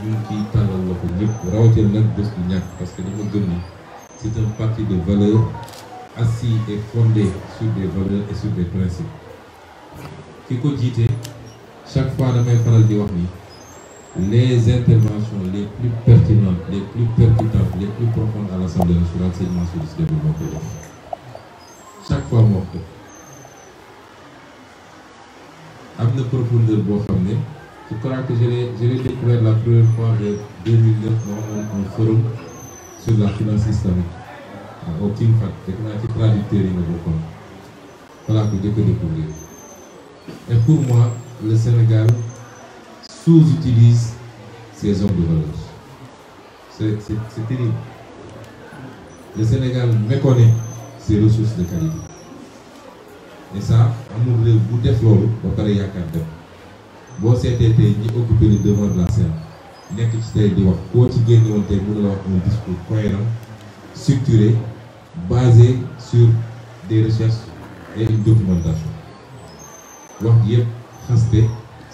ñu ngi ciy tàllal loxo ñëpp rawatina nag bés bu ñàkk parce que dama gëm ni c'est un parti de valeurs assis et fondé sur des valeurs et sur des principes ki ko jiite chaque fois damay faral di wax ni les interventions les plus pertinentes les plus percutantes les plus profondes à l'Assemblée nationale sëñ Mansour Sy chaque fois moo ko am na profondeur boo xam ne Je crois que je l'ai découvert la première fois de 2009 dans forum sur la finance islamique euh, au King Fat fekk traducteur yi nga bokkoon voilà ko jëkk a découvrir pour moi le Sénégal sous-utilise ses hommes de valeur c'est c'est c'est terrible le Sénégal méconnaît ses ressources de qualité et ça amul réew bu def loolu ba pare yaakaar dem boo seetee tey ñi occupé le devant de la scène nekk ci tey di wax koo ci génne tey mën la wax un discours cohérent structuré basé sur des recherches et une documentation wax yëpp xaste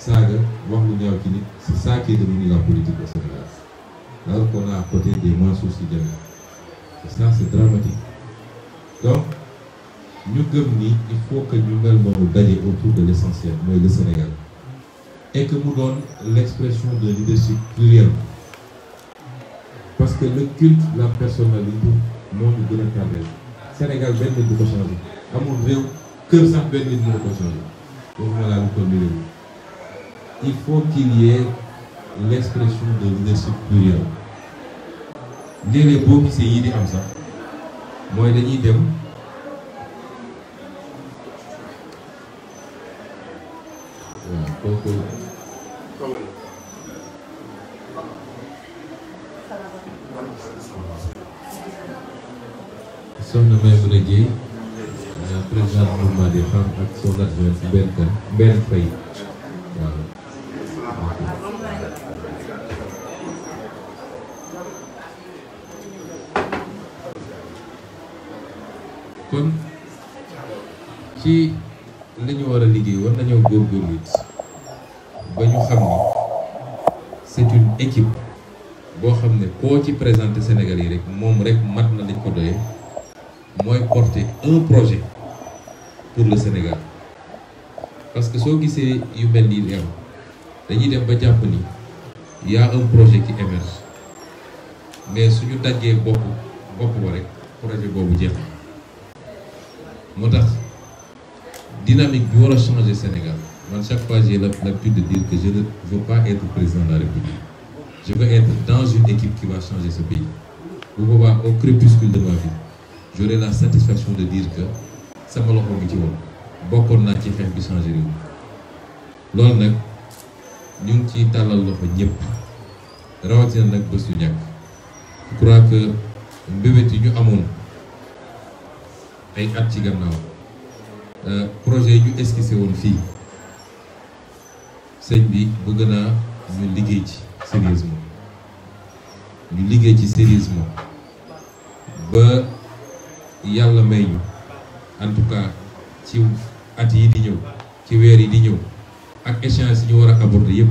saaga wax lu ñaaw ci nit c'est la politique au Sénégal alors dramatique donc ñu gëm ni il faut que ñu mel noonu daje autour de l'essentiel mooy le Sénégal et que mu doon l'expression d'un leadership pluriel parce que le culte la personnalité moo ñu gën a tardé Sénégal benn nit du ko changé amul réew kër sax benn nit moo ko changé waxuma laa lu ko réew il faut qu'il y ait l'expression d'un leadership pluriel léeg-léeg boo gisee yi di am sax mooy dañuy dem kooku. soxna Maimouna ci li ñu war a liggéey war nañoo góorgóorlu it équipe boo xam ne koo ci présenté Sénégal yi rek moom rek mat na lañ ko doyee mooy porter un projet pour le Sénégal parce que soo gisee yu mel nii am dañuy dem ba jàpp ni y a un projet qui émerge mais suñu daggee bopp bopp ba rek projet boobu jeex moo tax dynamique bi war a changer Sénégal man chaque fois j'ai l'habitude de dire que je pas être président la République je veux être dans une équipe qui va changer ce pays bu boobaa au crépuscule de ma vie la satisfaction de dire que sama loxo ngi ci woon bokkoon naa ci xeex bi changer réew loolu nag ñu ngi ciy tàllal loxo ñëpp rawatina nag bés yu ñàkk je que mbébét yi ñu amoon ay at ci gannaaw euh, projet yi ñu esquissé woon fii sëñ bi bëgg naa ñu liggéey ci sérieusement ñu liggéey ci sérieusement ba yàlla may ñu en tout cas ci at yi di ñëw ci weer yi di ñëw ak échange yi ñu war a aborder yëpp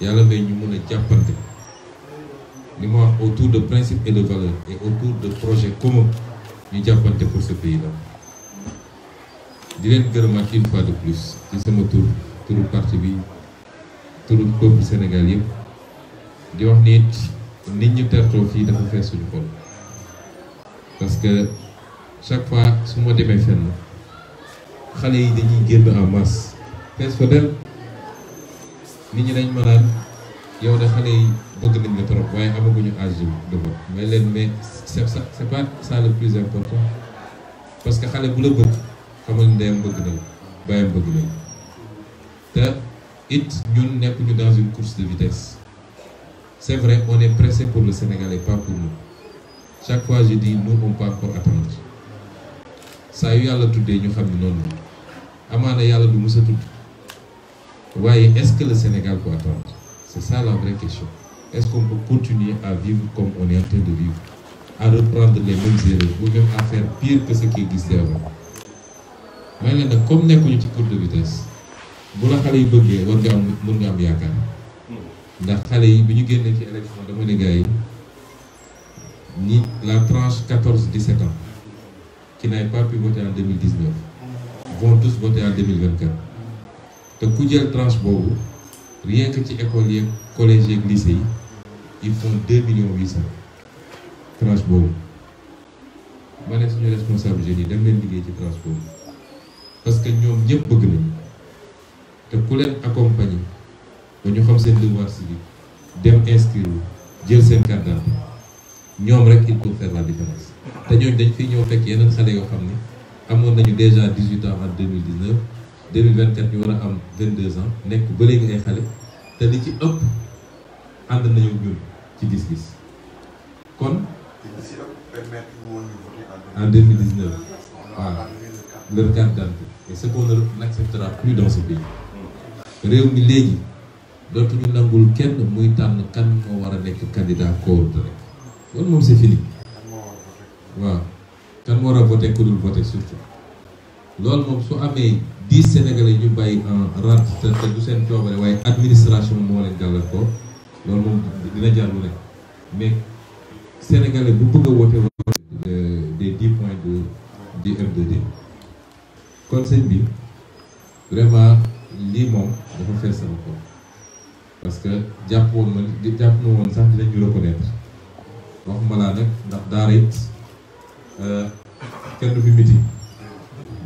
yàlla may ñu mun a jàppante li ma wax autour de principes et de valeurs et autour de projet communs ñu jàppante pour ce pays là di leen gërëmaat une fois de plus ci sama tur turu parti bi turu peuple Sénégal yëpp di wax nit nit ñu tertoo fii dafa fees suñu xol parce que chaque fois su ma demee fenn xale yi dañuy génn en masse fees fa del nit ñi dañ ma naan yow de xale yi bëgg nañ la trop waaye amaguñu âge de vote may leen mais c'est c'est pas ça le plus important parce que xale bu la bëgg xamal ndeyam bëgg na bàyyam bëgg na te it ñun nekkuñu dans une course de vitesse C'est vrai, on est pressé pour le Sénégal et pas Chaque fois, je dis, nous, on peut saa yu yàlla tuddee ñu xam ne noonu amaana yàlla du mës a tudd waaye est-ce que le Sénégal peut attendre c'est ça la vraie question est-ce continuer à vivre comme on est en de vivre à reprendre les mêmes erreurs ou même à faire pire que ce may leen comme nekkuñu ci course de vitesse bu la xale yi bëggee war nga am mën nga am yaakaar ndax xale yi bi ñu génnee ci élection dama ne gars yi ñi la tranche quatorze dix sept ans qui n'avaient pas pu voter en deux mille dix neuf vont tous voter en deux te ku jël tranche boobu rien ci école yeeg collège yeeg lycée yi il font deux millions huit cent tranche boobu ma ne suñu responsable jeunes yi dem leen liggéey ci tranche boobu parce que ñoom ñëpp bëgg nañu te ku leen accompagner. ba ñu xam seen devoir civique dem inscrire jël seen carte d'identité ñoom rek il faut faire la différence te dañ fi ñëw fekk yenn xale yoo xam ne amoon nañu déjà 18 ans en 2019 2024 ñu war a am 22 ans nekk ba léegi ay xale te li ci ëpp ànd nañu ñun ci gis-gis kon. en 2019 waaw leur carte d'identité et ce qu'on n'acceptera plus dans ce pays réew mi léegi. dootuñu nangul kenn muy tànn kan moo war a nekk loolu moom su amee dix sénégalais ñu bàyyi en rente te du seen coobare waaye administration moo leen gàllankoor loolu moom dina jaar lu mais sénégalais bu bëgg a woote euh, dix points de du M2D conseil bi vraiment lii moom dafa fees ko parce que jàpp woon ma di jàpp ma woon sax dinañu reconnaître waxuma laa nag ndax daara euh, kenn du fi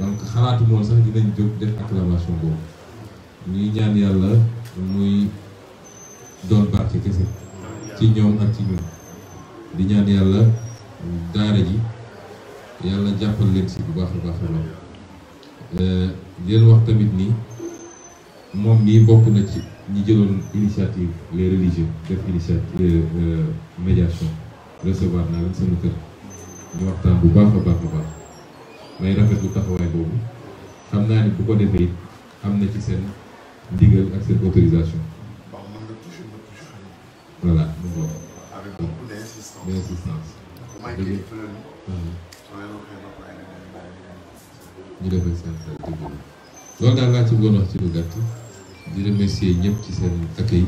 donc xalaatu moom sax dinañ jóg def acclamation boobu ñuy ñaan yàlla muy doon barke kese ci ñoom ak ci ñun di ñaan yàlla daara ji yàlla jàppal leen si bu baax a baax a baax euh, di leen wax tamit ni moom mii bokk na ci ñi jëloon initiative les religieux def initiative euh, euh, médiation recevoir naa leen sama kër ñu waxtaan bu baax a baax a baax may rafetlu taxawaay boobu xam naa ni bu ko defee it am na ci seen ndigal ak seen autorisation. voilà mu ngoog. avec beaucoup d'insistance. d'insistance. ñu defee seen loolu daal laa ci bëggoon wax ci lu gàtt. di remercier ñëpp ci seen accueil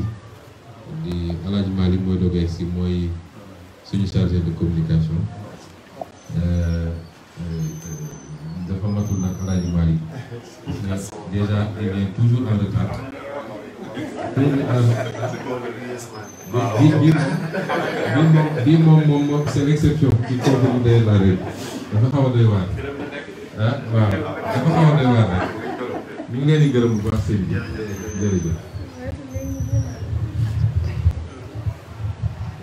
di El Hadj Malick mooy dogeeg si mooy suñu chargé de communication dafa matul nag El Hadj Malick déjà il moom moom moom c'est l'exception ci kooku day la rek dafa xaw a doy waar ah dafa xaw a doy waar rek ñu ngi gërëm bu baax sëñ bi jërëjëf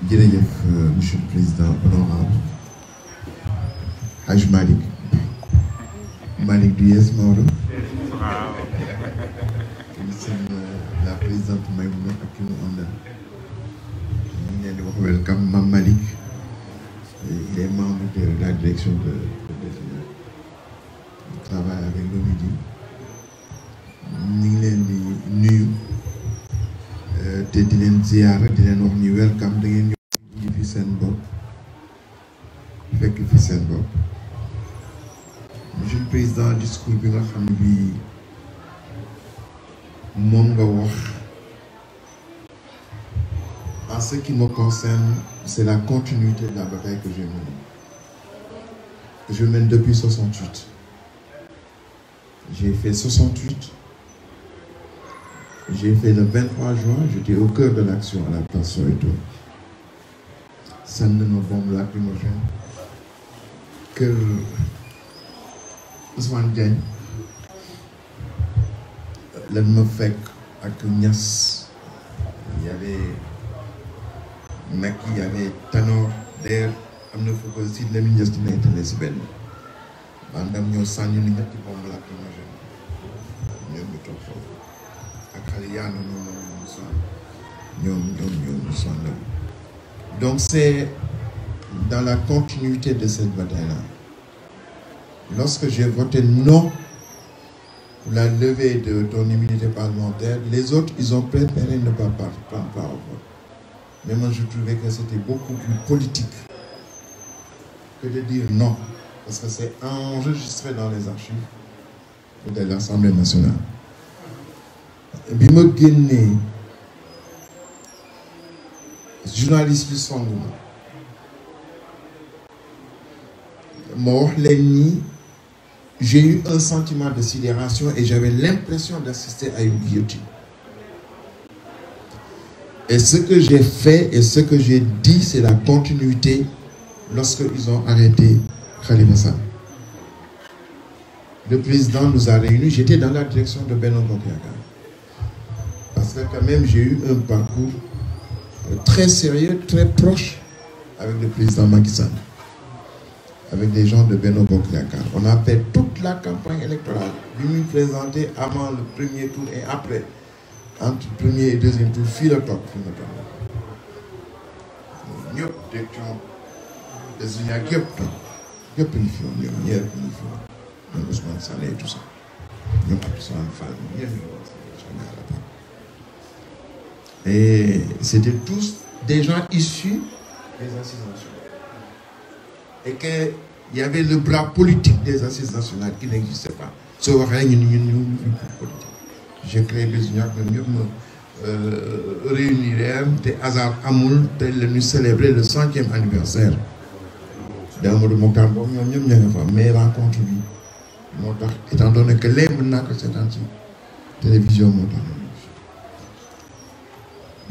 jërëjëf euh, monsieur président honorable Hadj Malick Malick du yees Maodo seen la présidente Maïmouna ak ki mu àndal ñu ngi leen di wax welcome Mame Malick les membres de la direction de de travail avec l'ONUDI te di leen ziyaara di leen wax ni welcome da ngeen ñëw fi seen bopp fekk fi seen bopp monsieur le président discours bi nga xam ne bii moom nga wax en ce qui me concerne c'est la continuité de la bataille que je mène que je mène depuis 68 j'ai fait 68 J'ai fait le 23 juin, j'étais au cœur de l'action à la place Soweto. sànni ma bombe lacrymogène kër Ousmane Diagne lan ma fekk ak Niass y avait Macky y avait Tanor d'ailleurs am na foo ko si Lamine Niass dina intérêt si benn maanaam ñoo sànni ni ñetti bombe lacrymogène ñoom ñu toog ak xale yi ànd ñoom ñoom ñoom sonn donc c'est dans la continuité de cette bataille-là lorsque j'ai voté non pour la levée de ton immunité parlementaire les autres ils ont préféré ne pas prendre part au vote mais moi je trouvais que c'était beaucoup plus politique que de dire non parce que c'est enregistré dans les archives de l'Assemblée nationale bi ma génnee journaliste bi song ma ma wax leen ni j'ai eu un sentiment de sidération et j'avais l'impression d'assister à une guillotine et ce que j'ai fait et ce que j'ai dit c'est la continuité lorsque ont arrêté Khalifa le président nous a réunis j'étais dans la direction de Benno Bokk parce que quand même j'ai eu un parcours euh, très sérieux, très proche avec le président Macky avec des gens de Benno Bokk Yakaar. On a fait toute la campagne électorale, bi muy avant le premier tour et après, entre premier et deuxième tour, fii la toog des unions ak yëpp toog yëpp ñu fi woon ñoom ñëpp ñu fi woon ñoom Et c'était tous des gens issus des assises nationales. Et qu'il y avait le bras politique des assises nationales qui n'existait pas. soo waxee ñu ni ñun ñu politique j'ai créé bés ñoo xam ne ñëpp ma te hasard amul te la ñu célébrer le centième anniversaire d'Amadou Mokhtar Mbow ñoom ñëpp ña mais rencontre bi moo tax étant donné que léegi mën naa ko télévision moo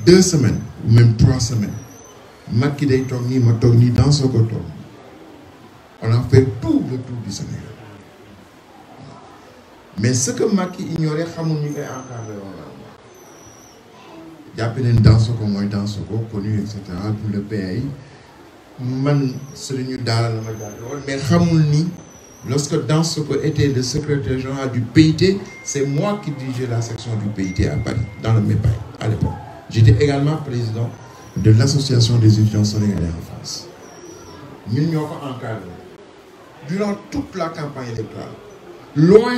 deux semaines ou même trois semaines Macky day toog nii ma toog nii dans Soko toog on a fait tout le tour du Sénégal mais ce que Macky ignorait xamul ñu koy encadré woon la jàpp nañu dans Soko mooy dans Soko connu et cetera pour le PAI man suñu daara la ma jàppee woon mais xamul ni lorsque dans Soko était le secrétaire général du PIT c'est moi qui dirigeais la section du PIT à Paris dans le MEPAI à l'époque j'étais également président de l'association des étudiants sénégalais en France ñun ñoo ko encadré durant toute la campagne électorale loin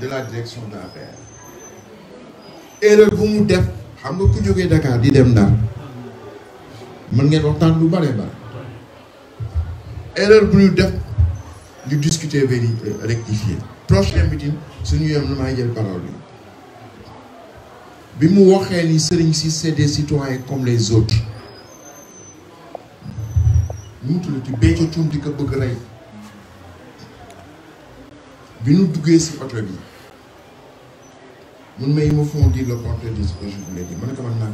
de la direction de l'APR erreur bu mu def xam nga ku jógee Dakar di dem Ndar mën ngeen waxtaan lu bare bare erreur bu ñu def ñu discuter vérifier euh, rectifier prochain meeting suñu yem na maa jël parole bi bi mu waxee ni sëriñ si c'est des citoyens comme les autres ñu tudd ci Béthio Thioune di ko bëgg rey bi ñu duggee si oto bi mun may ma font dire le porteur de ce que je voulais dire ma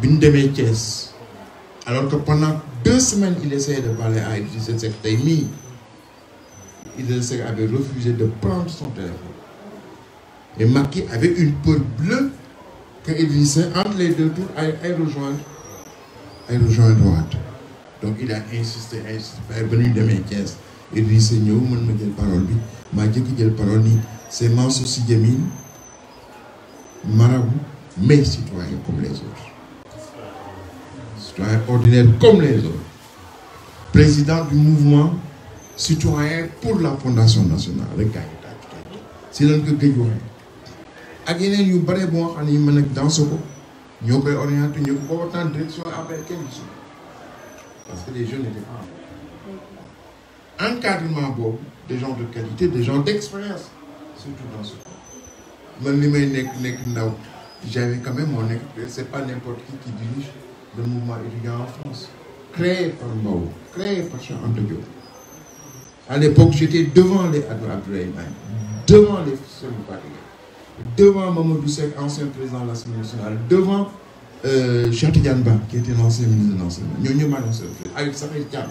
bi ñu demee Thiès alors que pendant deux semaines il essayait de parler à Idrissa Seck tey mii Idrissa Seck avait refusé de prendre son téléphone Et Maki avait une peur bleue que Idrissa, entre les deux tours, aille, rejoindre, aille rejoindre droite. Donc il a insisté, insisté, venu 2015. Idrissa ñëw mën ma jël parole bi maa jëkk jël parole ni c'est Mansour Sy Djamil marabout mais citoyen comme les autres. Citoyen ordinaire comme les autres. Président du mouvement citoyen pour la Fondation nationale rek gaa yi daal di tàggatoo si ak yeneen yu bare boo xam ne yi mën ak danse ko ñoo koy orienté ñoo ko pourtant direction après kenn parce que les jeunes en encadrement boobu des de qualité des gens d'expérience surtout dans ce man li may nekk nekk ndaw j'avais quand même mon expérience c'est pas n'importe qui qui dirige le mouvement étudiant en France créé par Mao créé par Cheikh Anta Diop à l'époque j'étais devant les Abdoulaye Wade devant les Sëñ Bara devant Mamadou Seck, ancien président de l'Assemblée nationale, devant euh, Cheikh Ba, qui était l'ancien ministre de l'enseignement. Nous sommes l'ancien président, avec Safé Diam.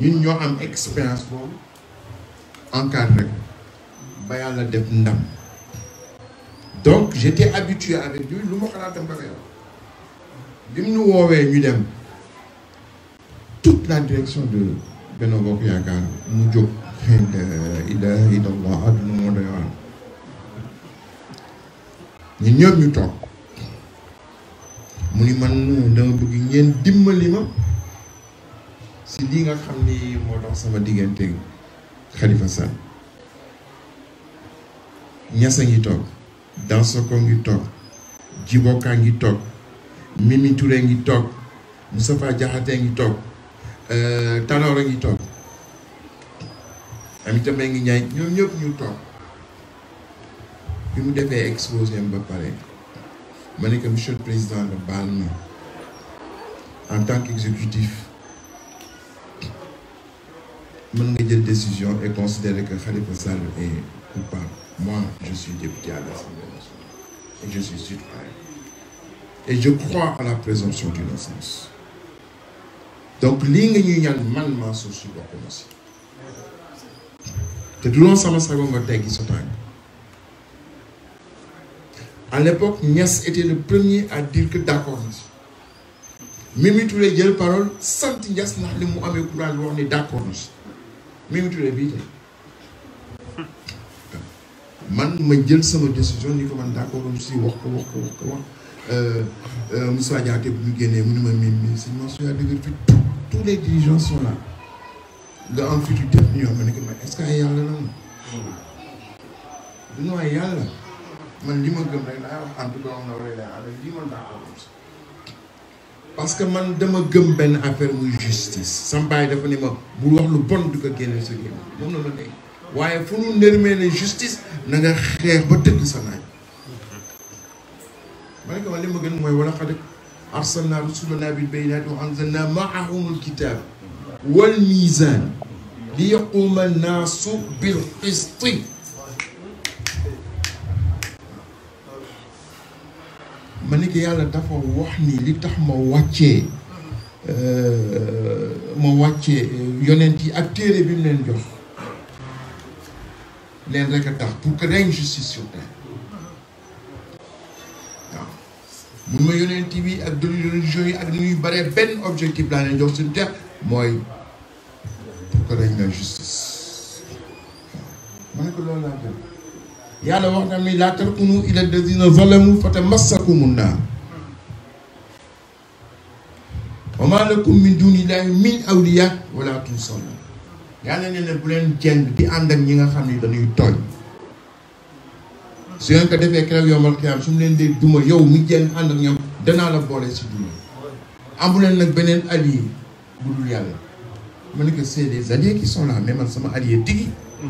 Nous avons une def ndam. Donc j'étais habitué avec lui, lu ma xalaatam ba koy wax. bi mu ñu woowee ñu dem toute la direction de Benno Yaakaar mu jóg xëy na Ida Ida moo doy waar. ñu ñëpp ñu toog mu ni man dama bëgg ngeen dimbali ma si lii nga xam ni moo dox sama diggante Khalifa Sall ñasa ngi toog Dansokho ngi toog Djiboka ngi toog Mimi Touré ngi toog Moustapha Diakhaté ngi toog euh, Tanor a ngi toog Aminata Mbengue Ndiaye ñoom ñëpp ñu toog bi mu defee exposé ba pare ma ne que monsieur le président de baal ma en tant qu'exécutif mën nga jël décision et considérer que Khalifa Sall est coupable moi je suis député à l'Assemblée nationale et je suis et je crois à la présomption d'innocence donc lii nga ñuy ñaan man maa suuf si bokk na si te du loon sama sago nga teggi sa À l'époque, Nias était le premier à dire que d'accord. Mimi Touré jël parole sant Nias ndax li mu amee courage wax ni d'accord Mimi Touré bii tey man ma jël sama décision ni ko man d'accord si wax ko wax ko wax ko euh, euh, bu ñu génnee mu ne ma Mimi si ma suy dëgër fi tous les dirigeants sont nga am fi du def ñoom ma ma est-ce que yàlla la ma. Hmm. du ñu ay yàlla. man li ma gëm parce que man dama gëm benn affaire muy justice sama baay dafa ne ma bul wax lu bon du ko génne sa génn moom la ma waaye fu nu nërmee ne justice na xeex ba tëdd sa naaj ma ne ko li ma gën mooy wala xad arsalna rusulana bil bayyinati wa anzalna ma'ahumul kitab wal mizan li yaquma naasu bil qisti ma ne ko yàlla dafa wax nii li tax ma wàccee euh, ma wàccee yonent yi ak téere bi mu leen jox leen rek a tax pour que règne justice sur terre waaw mun ma yonent bi ak doli religion yi ak nu bare benn objectif laa leen jox suñu terre mooy pour que règne la justice yàlla wax na ni laa tarkunu ila alladina zalamu fa tamassakumu naar wa ma lakum min dunillahi min awliya wala tunsarun yàlla nee na bu leen jeng di ànd ak ñi nga xam ne dañuy tooñ su ngeen ko defee su leen dee duma yow mi jeng ànd ak ñoom danaa la boole si duma amuleen nag beneen allié bu dul yàlla ma ne ko c'est des alliés qui sont là man sama allié digi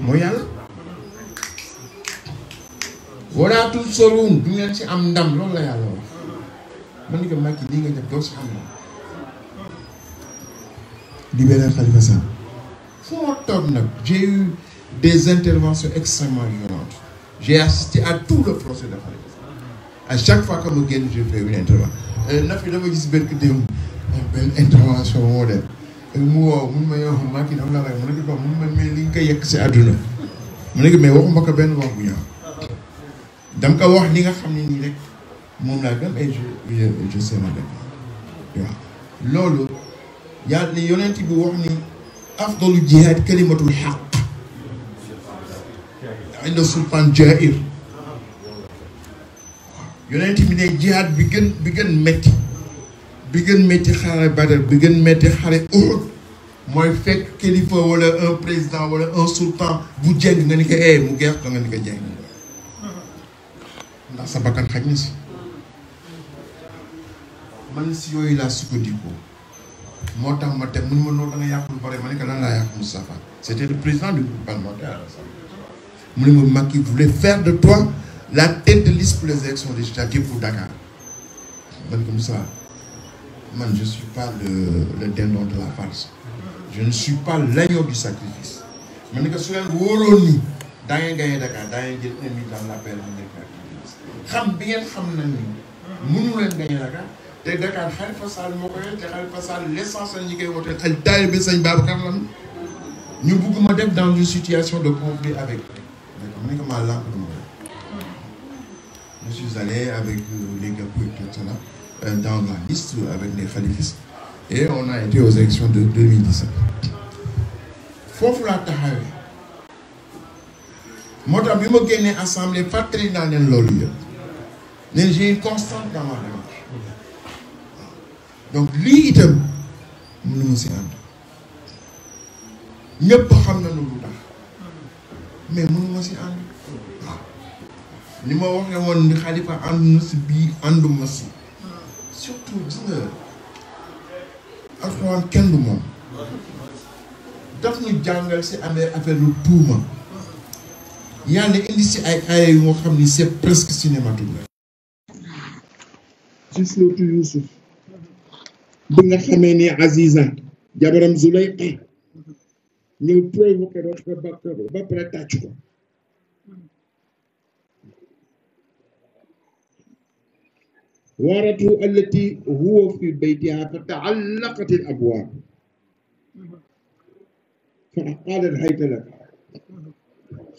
mooy yàlla wala tunsaruun du ngeen ci am ndam loolu la yàlla wax man ni ko Macky lii nga def doo si am ndam di beneen Khalifa Sall fu ma toog nag j'ai des interventions extrêmement violentes j'ai assisté à tout le procès de Khalifa Sall à chaque fois que ma génn je fais une intervention euh, na ah, benn intervention moo euh, mu woow mun ma yow Macky dama la rek mu ko si àdduna mu ne benn wax bu ñaaw dama ko wax li nga xam ne nii rek moom laa gëm ay je je sais ma dëkk waaw loolu yàlla yonent bi wax ni afdalu jihaad kalimatul xaq inda sultaan jair yonent bi ne jihaad bi gën bi gën metti bi gën metti xare Badar bi gën metti xare Uhud mooy fekk kilifa wala un président wala un sultan bu jeng nga ni ko ee eh, mu geex nga ni ko jeng ndax sa bakkan xaj na si man si yooyu laa sukkandikoo moo tax ma teg mun ma loolu da nga yàqul bare ma ne ko lan laa yàq Moustapha c'était le président du groupe parlementaire mu ne ma Macky de toi la tête de liste pour les élections législatives pour Dakar man comme ça man je suis pas le le de la farce je ne suis pas l'agneau du sacrifice man ne ko su leen wóoroon ni daa ngeen gagné Dakar daa ngeen jël un million dans l'appel américain xam bi ngeen xam nañ ni mënu leen gañe Dakar te Dakar Khalifa Sall moo ko yor te Khalifa Sall l'essentiel ñi koy wooteel ay taalibe sëñ Babacar ñu bugguma def de conflit avec d'accord nekk maa la euh, euh, liste avec les khalifistes et on de foofu laa taxawee moo tax bi ma génnee assemblée fàttali naa leen loolu yëpp mais j'ai donc lii itam mënu ma ànd ñëpp xam na lu lu tax mais mënu ma ànd li ma waxee woon ni xalifa ànd na si bii ànduma si surtout gis nga alxuraan moom daf ñu jàngal si amee affaire tuuma yàlla indi si ay aaya yu nga xam ni c'est presque cinématographique ci suuratu Yuusuf bi nga xamee ni Aziza jabaram Zulayqa ñëw provoqué ba pare tàcc ko waaratu allati huwa fi baytiha fa taallaqat al abwaab fa qaalat hayta lak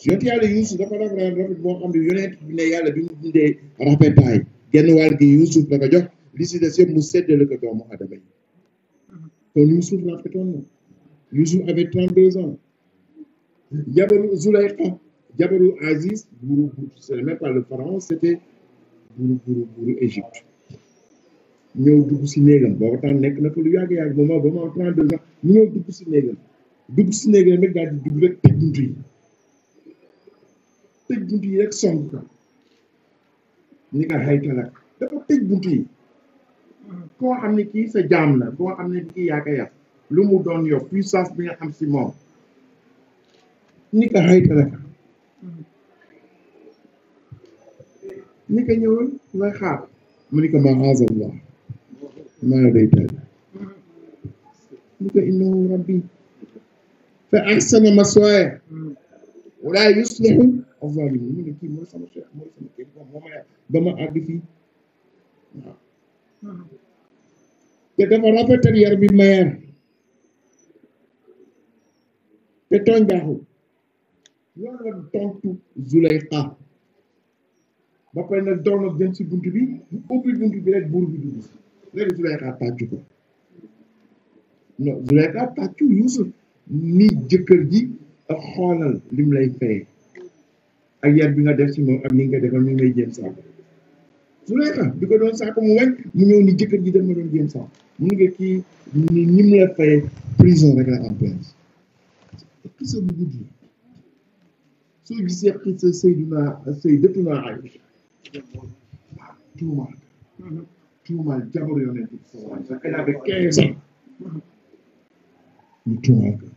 yonent yàlla Yuusuf dafa rafet boo xam ne bi ne yàlla bi mu dundee rafetaay genn wàll gi Yuusuf la jox li si des yëpp mu séddale ko doomu adama yi kon Yuusuf rafetoon na Yuusuf avait trente deux ans jabaru Zulayxa jabaru Aziz buuru buuru c'est même pas le pharaon c'était buuru buuru Égypte ñëw dugg si néegam booba tam nekk na ko lu yàgg yàgg ba ma ba ma deux ans mu ñëw dugg si néegam dugg si néegam rek daal di rek tëj bunt yi tëj rek song ni nga xayta dafa tëj bunt koo xam ne kii sa jaam la koo xam ne kii yaa lu mu doon yow puissance bi nga xam si moom ni ka xayta ni ka ñëwal nga xaar mu ni ko ma haazallah maa daytal ni ko innahu rabbi fa ahsana maswaaya wala yuslihu az-zaalimiin mu ne kii mooy sama chef mooy sama kii moom moo ma ba ma àgg fii waaw te dafa rafetal yar bi mayaan te tooñ baaxul loolu na doon na jëm si bunt bi bu ubbi bunt bi rek buur bi dugg léegi Zuleyxa tàccu ko non Zuleyxa tàccu Yuusuf ni jëkkër ji ak xoolal lim lay fay ak yar bi nga def si moom ak ni nga defal mi ngay jéem saabu su lay xam di ko doon saako mu wàññi. mu ni jëkkër ji dama doon jéem sax mu ne kii ni ni mu la prison rek la am peine xisa bu gudd la soo gisee xisa Seydina Seydatuna Aïcha waaw tuumaal tuumaal jabar yonent bi sallallahu alayhi wa sallam elle avait quinze ans ñu tuumaal ko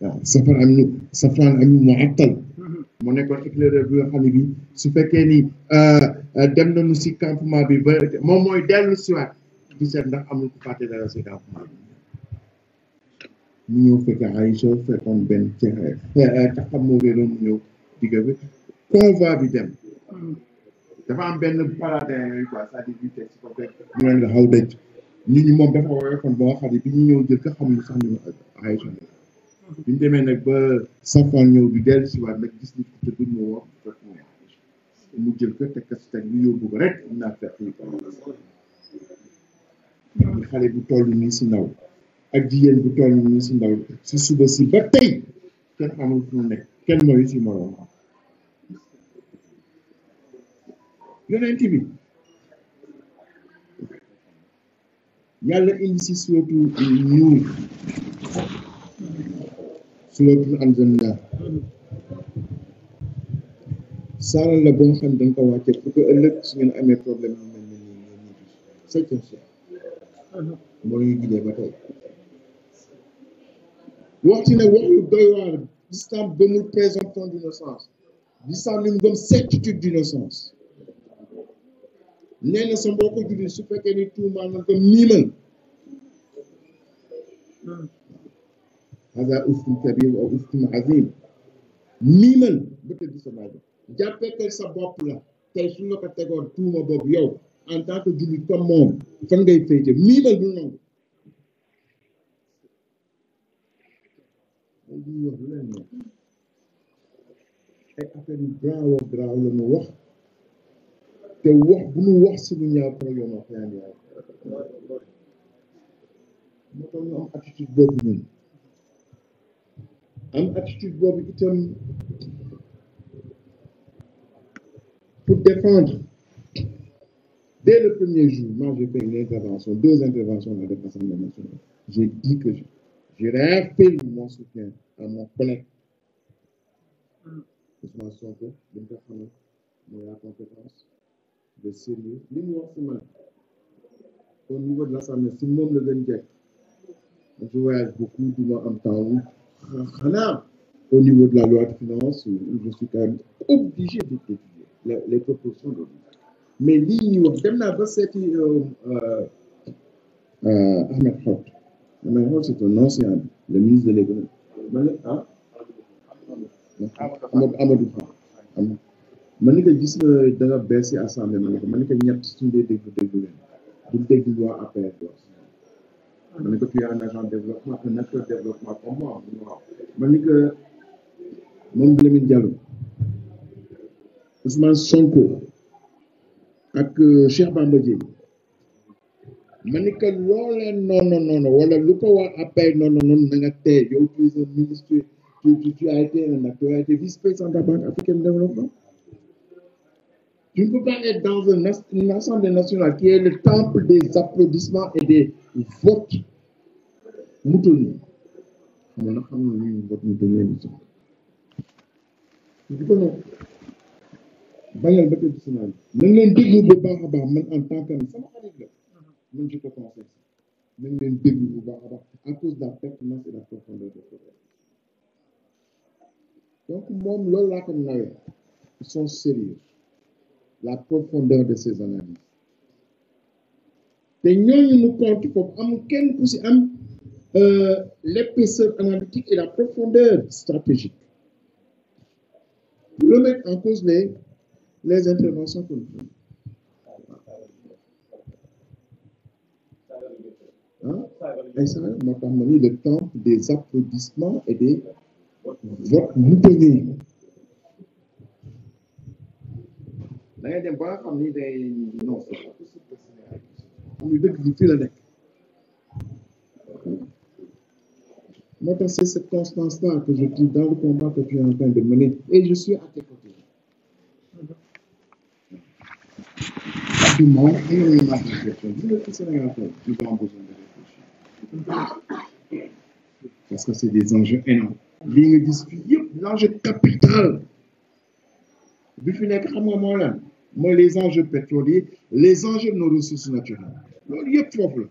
waaw ñu safaan am ñu mu attal mu nekkoon éclaireur bi nga xam bi su fekkee ni euh, euh, dem nañu si campement bi ba moom mooy dellu siwaat di seet ndax amul ko fàtte dara si campement bi mu ñëw fekk Aïcha fekkoon benn euh, taxam moo doon mu ñëw digga bi convoi bi dem dafa am benn paladin yooyu quoi cest si ko benn ñu leen nga xam ne bi ñu ñëw jël ko xam bi ñu demee nag ba safaan ñëw bi dellu si waat nag gis ni ko tëdd mu wax mu jël ko teg ko si teg ñu yóbbu ko rek mun naa fekk ñu xale bu toll nii si ndaw ak jigéen bu toll nii si ndaw si suba si ba tey kenn amul fu nekk kenn mooy si moroom am yonent bi yàlla indi si surtout nuur suratun anzalna saaral la boo xam ne ko wàcce pour que ëllëg su ngeen amee problème moo ngi gidee ba tey waxti ne wax lu doy waar l'islam demul présomption d'innocence l'islam li mu gëm certitude d'innocence nee na sa mbokk jullit su fekkee ni tuumaal na ko miimal hasa uftum kabir wa uftum miimal ba tëdd sa baajo jàppee sa bopp la tey su la tuuma boobu yow en tant que jullit comme moom fan miimal bul ay duñ wax lu leen neex wax te wax bu ñu wax suñu ñaaw problème ak yaan yaaw am attitude boobu pour défendre dès le premier jour moi j'ai fait une intervention deux interventions à l'Assemblée nationale j'ai que je, je mon soutien à mon collègue Ousmane Sonko li nga xam la compétence de sérieux li mu wax si man au si moom la gën jekk voyage beaucoup du ma am temps wu Rana au niveau de la loi de finances où euh, je suis quand même obligé de d'étudier les, les propositions de mais lii ñuy wax dem naa ba seeti euh, euh, Ahmed Hott Ahmed Hott c'est un ancien le ministre de l'économie ma ne ah Amadou Amadou Hott ma ne ko gis na danga bees si assemblée ma ne ko ma ne ko ñett suñu dee déglu déglu leen du déglu waa APR ma ne ko tu développement un acteur développement comme moi waaw ma ni Sonko ak euh, Cheikh Bamba Dièye ma ni que looleen noonu noonu wala lu ko waa appel noonu noonu na nga tey yow tu es un ministre tu tu as été un acteur tu été vice-président de africaine développement tu ne peux pas être dans un assemblée nationale qui est le temple des applaudissements et des il faut mu tënku xam nga xam nga ni mbokk mi dañoo émission bi. ko nag bàyyal ba tëdd si leen déglu bu baax a baax man en tant que sama xarit la man ci ko conseil nañ leen déglu bu baax a baax à cause de la pertinence et profondeur de problème donc moom loolu laa ko nawee ils sont sérieux la profondeur de ces analyses. te ñooñu mu compte foofu amul kenn am euh, l'épaisseur analytique et la profondeur stratégique pour remettre en cause les interventions que nous faisons ay sa moo tax ma le temps des applaudissements et des votes moutonné da ngay muy dëkk bi la nekk moo tax c'est cette constance-là que je dis dans le combat que tu es en de mener et je suis à tes côtés nous avons besoin de réfléchir parce que c'est des enjeux énormes li nga gis capital bi fi nekk xam nga moo mooy les enjeux pétroliers les enjeux de nos ressources naturelles loolu yëpp foofu la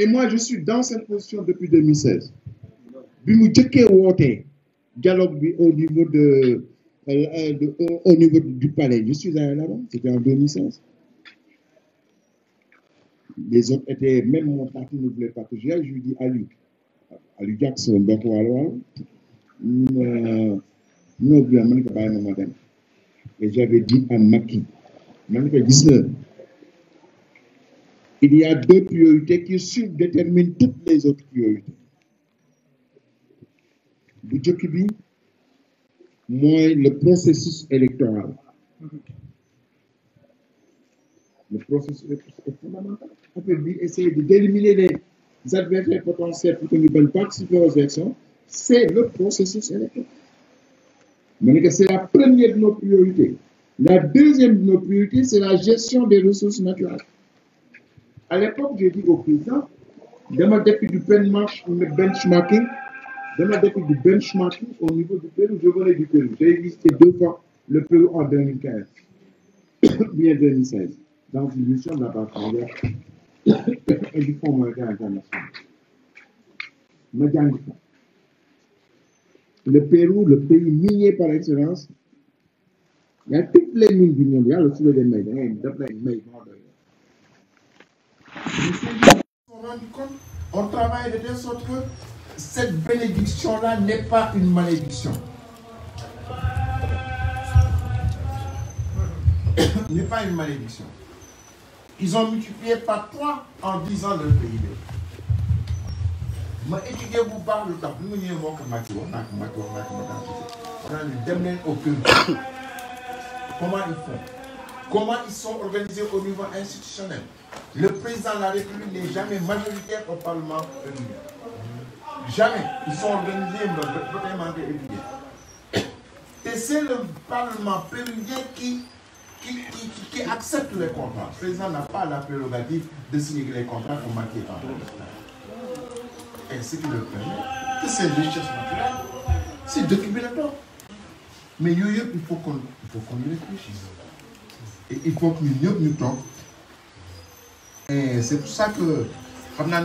et moi je suis dans cette position depuis 2016 bi mu jëkkee wootee dialogue bi au niveau de euh, au niveau du palais je suis allé là-bas c'était en 2016 les autres étaient même mon parti ne voulait pas que j'y aille je lui dis Aliou Aliou Diack donc wàllu wàllu mu ne ma ne ko bàyyi ma ma dem et j'avais dit à Macky il y a deux priorités qui surdéterminent toutes les autres priorités bu jëkk bi mooy le processus électoral le processus électoral essayer de d'éliminer les adversaires potentiels pour que ñu bañ participer aux élections c'est le processus électoral ma ne que c'est la première de nos priorités la deuxième de nos priorités c'est la gestion des ressources naturelles à l'époque j'ai dit au président dama def du benchmarking dama def du au niveau du Pérou je venais du Pérou j'ai visité deux fois le Pérou en 2015 bien 2016 dans une mission de la Banque mondiale et du Fonds monétaire international ma jàng le Pérou, le pays minier par excellence, il y a toutes les mines du monde. Il y a le soulevé des mailles. cette bénédiction-là n'est pas une malédiction. Ils ont multiplié par trois en dix ans le pays. ma étudier bu baax lu tax bi ma ñëwee moo ko màcc wax naa ko màcc au niveau institutionnel le président la République n'est jamais majoritaire au Parlement réuni jamais ils sont organisés vraiment de étudier et c'est le Parlement premier qui accepte les contrats. président n'a pas la prérogative de signer les contrats pour marquer par et ce qui leur permet que ces richesses naturelles si dëkk bi la toog mais yooyu yëpp il faut qu'on il faut qu'on y réfléchisse et il faut que ñun ñëpp ñu toog et c'est pour ça que xam naa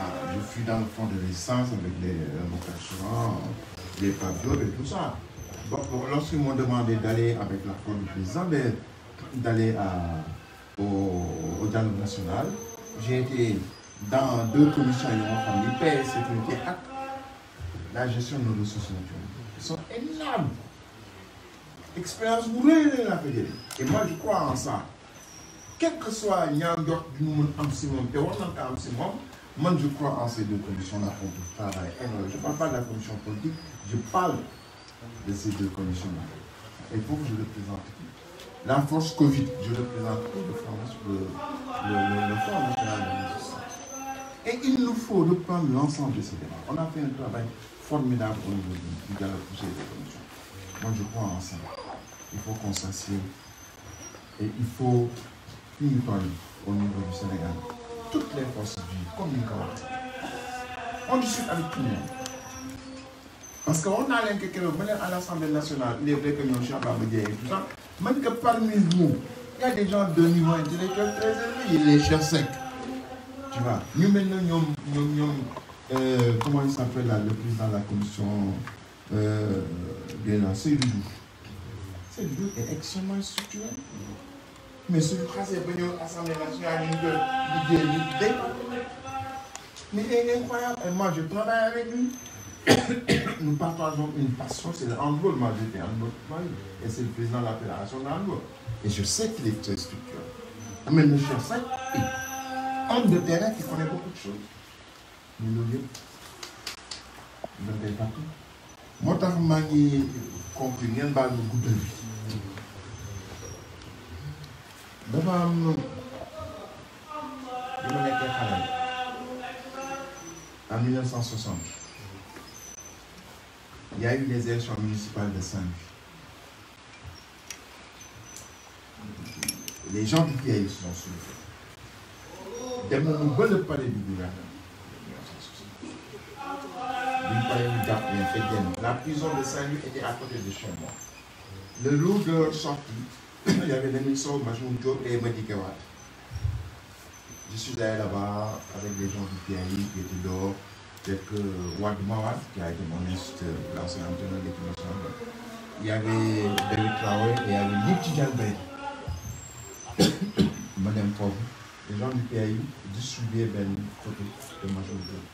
ah, de l'essence avec les vocations euh, les pavillons et tout national j'ai été dans deux commissions yi nga xam ni paix sécurité ak la gestion de nos ressources naturelles ils sont énormes expérience bu rëy rëy laa ko jëlee je crois en ça quel que soit ñaan jox du ñu mën am si moom te war nañ ko am si moom man je crois en ces deux commissions là on peut je parle pas de la commission politique je parle de ces deux commissions là et il je le la force Covid. Je représente de France le, le, le, Front national de résistance. Et il nous faut reprendre l'ensemble de ces On a fait un travail formidable au niveau du dialogue des commissions. Moi, je crois en ça. Il faut qu'on s'assied et il faut une au niveau du Sénégal. Toutes les forces vives, comme Nicolas. On discute avec tout le monde. Parce qu'on a l'un que quelqu'un à l'Assemblée nationale, il est vrai que nous sommes à et tout man que parmi nous, il y a des gens de niveau intellectuel très élevé, ils les cherchent sec. Tu vois, nous maintenant, nous, nous, nous euh, comment il s'appelle là, le président de la commission euh, bien là, c'est lui. C'est lui est extrêmement structurel. Mais celui là, c'est venu à l'Assemblée nationale, il est Mais il est incroyable. Et moi, je travaille avec lui. nous partageons une passion, c'est l'handball. Moi, j'étais handballman et c'est le président de la fédération d'handball. Et je sais qu'il est très structuré. Mais M. Seck, homme de terrain qui connaît beaucoup de choses. Mais nous, ñun day tàkk moo tax maa ngi conclure ngeen baal ma guddal bi dafa am bi ma nekkee xale en 1960 il y a eu les élections municipales de Saint-Louis. Les gens du sont soulevés. demoon ba le palais du gouvernement. buñ paree ñu jàpp leen fekk la prison de Saint-Louis était à côté de chez moi. le jour de leur sortie il y avait Lamine et Madické Wade. je suis allé là-bas les gens du PAI qui avec Wad Mawad, qui a été mon instituteur, l'ancien entraîneur de l'équipe nationale. Il y avait David Traoré et il y avait Nipti Galbert. Madame Pauvre, les gens du PAI distribuaient ben photo de ma journée.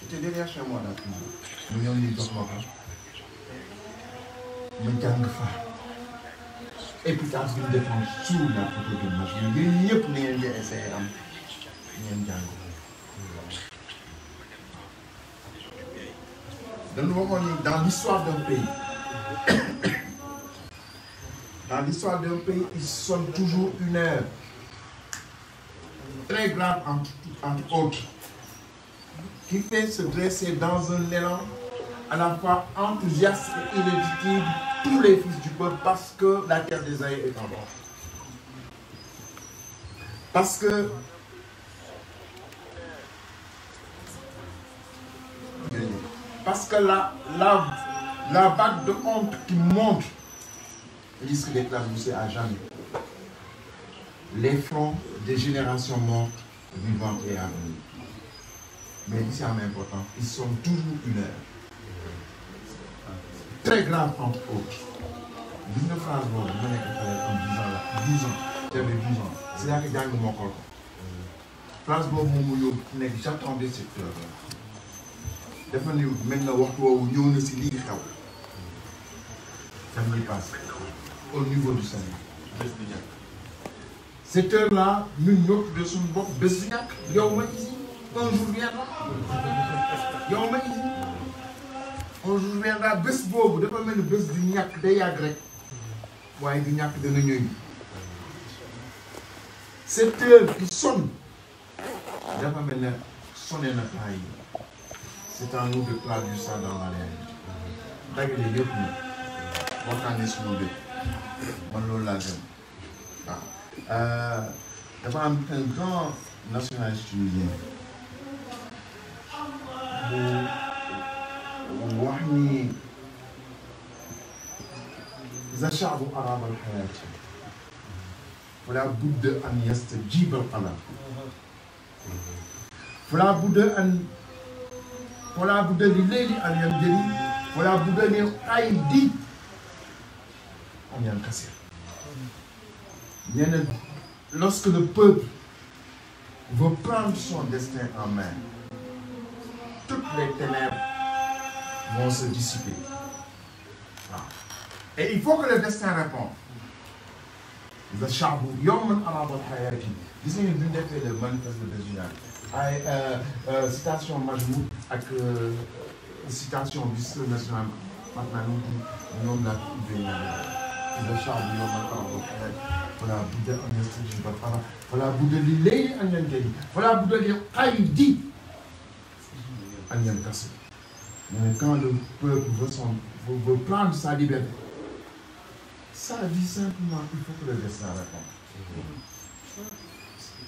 J'étais derrière chez moi, là, toujours. Nous avons eu deux mois. Nous avons fait. Et puis, quand je me défends sous la ma journée, il n'y a pas de essai. Il n'y a dañu waxoon ni dans l'histoire d'un pays dans l'histoire toujours une heure très grave entre, entre autres qui fait se dresser dans un élan à la fois enthousiaste et tous les fils du peuple parce que la terre des aïeux est en mort. Parce que Parce que la, la, la vague de honte qui monte risque d'être annoncée à jamais. Les fronts des générations mortes, vivantes et à venir. Mais ici, en important, ils sont toujours une heure. Très grave entre autres. gis nga phrase boobu bu ma nekk xale am 10 ans la 10 ans. te de 10 cest à que jàng moo ko. phrase boobu moom mu yóbbu nekk j'attendais cette heure-là. dafa ni mel na waxtu woowu ñëw na si lii xew samedi passé au niveau du Sénégal bés bi ñàkk cette heure là ñun ñoo suñu bopp bés bi ñàkk yow ma ci un jour viendra yow bés boobu dafa mel ni bés du ñàkk day yàgg rek waaye du ñàkk dana ñëw cette heure qui dafa mel ne sonné na temps c'est à nous de traduire ça dans la réalité dajale yëpp na waxtaanee suñu dëkk man loolu laa gëm waaw dafa am un grand nationaliste tunisien bu wax ni za shaabu arab al xayaat fala budda an yastajiba al qalb fala budda an walaabudani aliyan jeli walaabudani aidi aliyan kasir nee na lorsque le peuple veut prendre son destin en toutes les ténèbres vont se dissiper ah. et il faut que le destin réponde le charbon yomb na amaat ba xayma gis nañu bu ñu defee le manifeste de l'unité ay euh, euh, citation Majmout ak euh, citation bi sur national maintenant ñu ngi ñoom laa tuddee ñoom ñoom ak wala budde am na suñu ba pare wala budde li léegi am nañu tey wala budde li xay di am nañu tase mais le peuple veut son veut prendre sa liberté ça dit simplement il faut que le destin réponde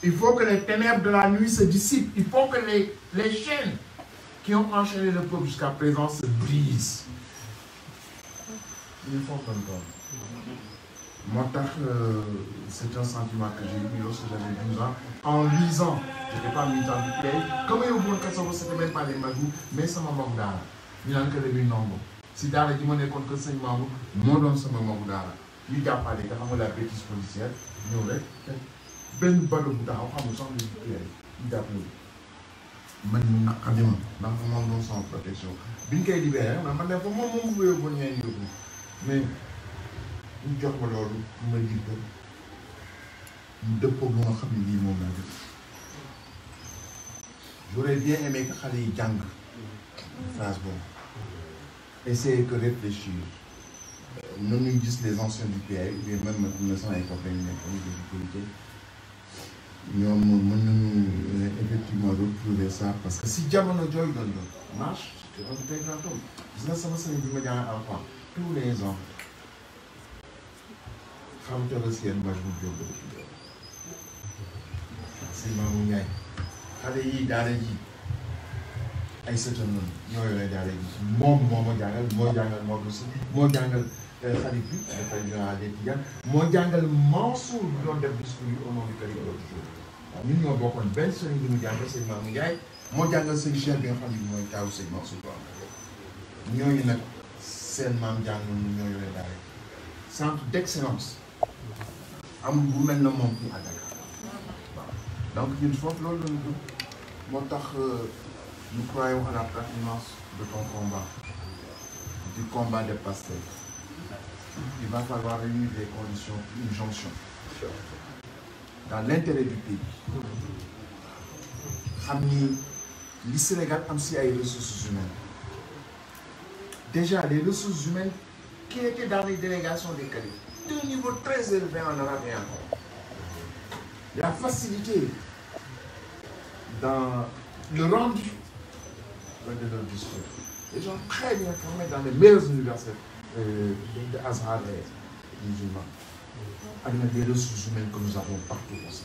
Il faut que les ténèbres de la nuit se dissipent. Il faut que les, les chaînes qui ont enchaîné le peuple jusqu'à présent se brisent. Il faut comprendre. Moi, euh, c'est un sentiment que j'ai eu lorsque j'avais 12 ans. En lisant, je n'étais pas militant du pays. Comme il y a eu beaucoup de ce n'était même pas les magous, mais ça m'a manqué d'art. Il y a un Si d'art est mon école que c'est maman, mon nom, ça m'a manqué d'art. Il n'y a pas les gars, on benn balu bu taxaw xam nga soxna yi ñu jàppale man mu naqari ma ndax moom moom sans protection biñ koy libéré man man de fa moom moom wéyoo ba ñeen yóbbu mais ñu jox ma loolu ma ji ko mu dëppoo ba nga xam ne lii moom laa def j'aurais bien aimé que xale yi jàng phrase boobu essayer que réfléchir ñoom euh, ñu gis les anciens du PAI ou bien même ma am na sama ay copains yu nekk au niveau du ñoom mën nañu euh, effectivement retrouver ça parce que si jamono jooy doon la marche te on était grand homme gis nga sama sëriñ bi ma jàngal alxuraan tous les ans xam coro seen mbaj mu jóg si maamu ñaay xale yi daara ji ay sëtam noonu ñooy lay daara ji moom moo ma jàngal moo jàngal moo du Salif bi moo jàngal Mansour bi doon def discours yi au nom du Khalife de Tidiane waaw ñun ñoo bokkoon benn sëriñ bi mu jàngal sëñ Mamour Ndiaye moo jàngal sëñ Cheikh bi nga xam ne mooy taawu seen maam jàngoon ñu ñoo yore daal centre d'excellence amul bu mel na moom fii à donc ñun foofu loolu la moo tax euh, nous croyons à la pertinence de ton combat du combat des Pastef il va falloir réunir des une jonction. dans l'intérêt du pays. xam ni li Sénégal am si ay ressources humaines déjà les ressources humaines qui étaient dans les délégations des Califes d'un niveau très élevé en arabe la facilité dans le rendu de leur discours. des gens très bien formés dans les meilleures universités. de Azhar et musulmans, avec des ressources humaines que nous avons partout aussi.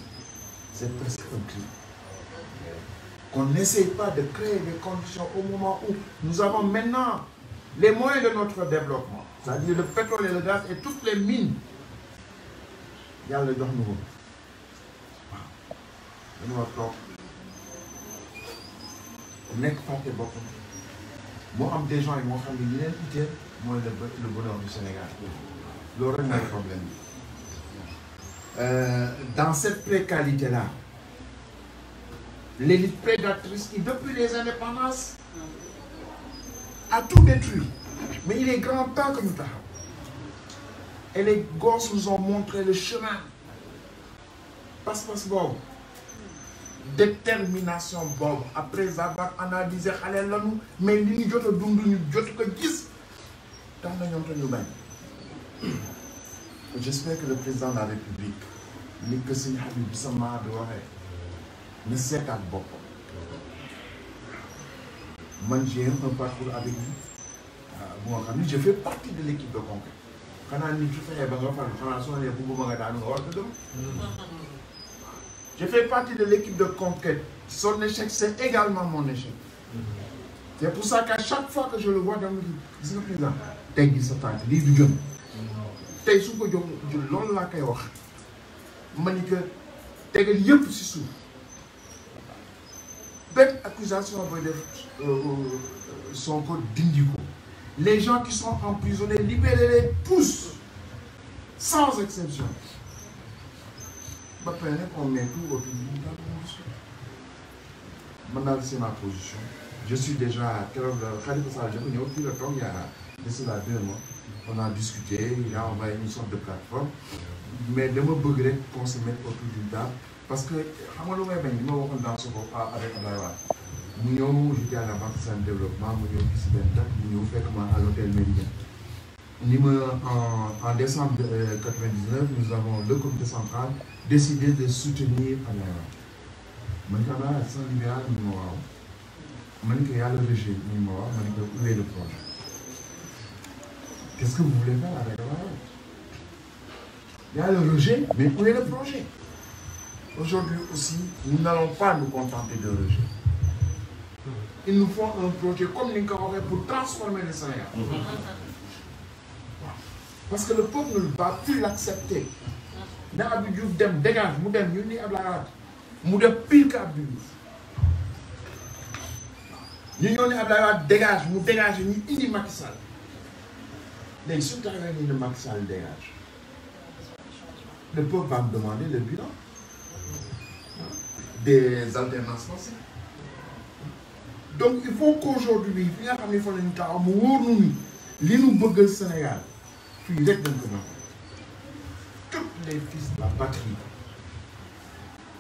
C'est presque un Qu'on n'essaye pas de créer des conditions au moment où nous avons maintenant les moyens de notre développement, c'est-à-dire le pétrole et le gaz et toutes les mines. Il y a le don nouveau. dañoo toog nekk fàtte boppam moo am des gens yi moo xam ne mooy le le bonheur du Sénégal loolu rek mooy problème bi euh, dans cette précarité là l'élite prédatrice qui depuis les indépendances a tout détruit mais il est grand temps que ñu taxaw et les gosses nous ont montré le chemin pas-pas boobu détermination boobu après avoir analysé xale lanu mais li ñu jot a dund ñu jot ko gis tax na ñoom ñu bañ j'espère que le président de la république ni ko suñu Habib Bisama di waxee na seetaat boppam man j'ai un parcours avec lui moo xam ni je fais partie de l'équipe de conquête xanaa nit su fexee ba nga faral xanaa soo nee bugguma nga daanu nga war ko je fais partie de l'équipe de conquête son échec c'est également mon échec mm-hmm. c'est pour ça qu'à chaque fois que je le vois dama gis nga président teggi sa tànk lii du jëm tey su ko jom jul loolu laa koy wax ma ni que tegal yëpp si suuf benn accusation booy def euh, euh, Sonko dindi ko les gens qui sont emprisonnés libérez-les tous sans exception ba pare nag on met tout au public dans la man daal c'est ma position je suis déjà keroog Khalifa Sall dafa ñëw fii la toog yaa de cela deux mois on a discuté il une sorte de plateforme mais dama bëgg rek qu'on se mette autour parce que xam nga lu may bañ li ma waxoon dans ce bopp avec Abdoulaye Wade mu ñëw j'étais la banque de développement mu ñëw gis benn tak mu ñëw fekk ma décembre 99 euh, avons le comité central décidé de soutenir Abdoulaye Wade ma ni ko Abdoulaye Wade sans libéral mu ma waaw ma ni ko yàlla régime mu ma waaw Qu'est-ce que vous voulez faire avec la route Il y a le rejet, mais où est le projet Aujourd'hui aussi, nous n'allons pas nous contenter de rejet. Il nous faut un projet comme l'Incaroré pour transformer le Sénégal. Mm-hmm. Parce que le peuple ne va plus l'accepter. na Abdou Diouf dem dégage mu ni Abdoulaye Wade mu def pire que Abdou Diouf ñu ñëw ne Abdoulaye Wade dégage mu dégage léegi suñu taxawee nii ne Macky Sall dégage le peuple va me demander le bilan ah. des alternances passées donc il faut qu'aujourd'hui fi nga xam ne fa lañu taxaw mu wóor nu ni li nu bëggal Sénégal fii rek dañ ko na toutes les fils de la patrie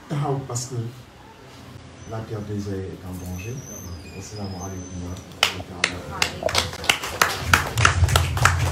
taxaw parce que la terre des aïeux est en danger assalaamu aleykum wa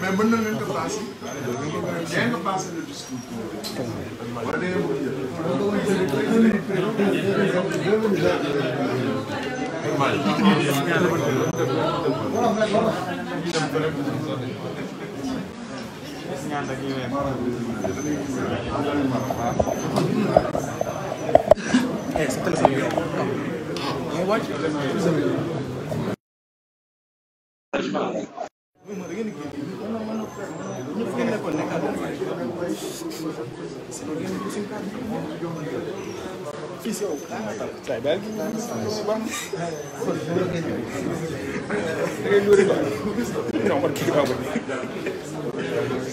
mais mën na leen ko passé. dinañ ko passé le discours. wala dinañ ko jël. ñaan rek ñu weer eh sa téléphone bi mooy wàcc Thank you.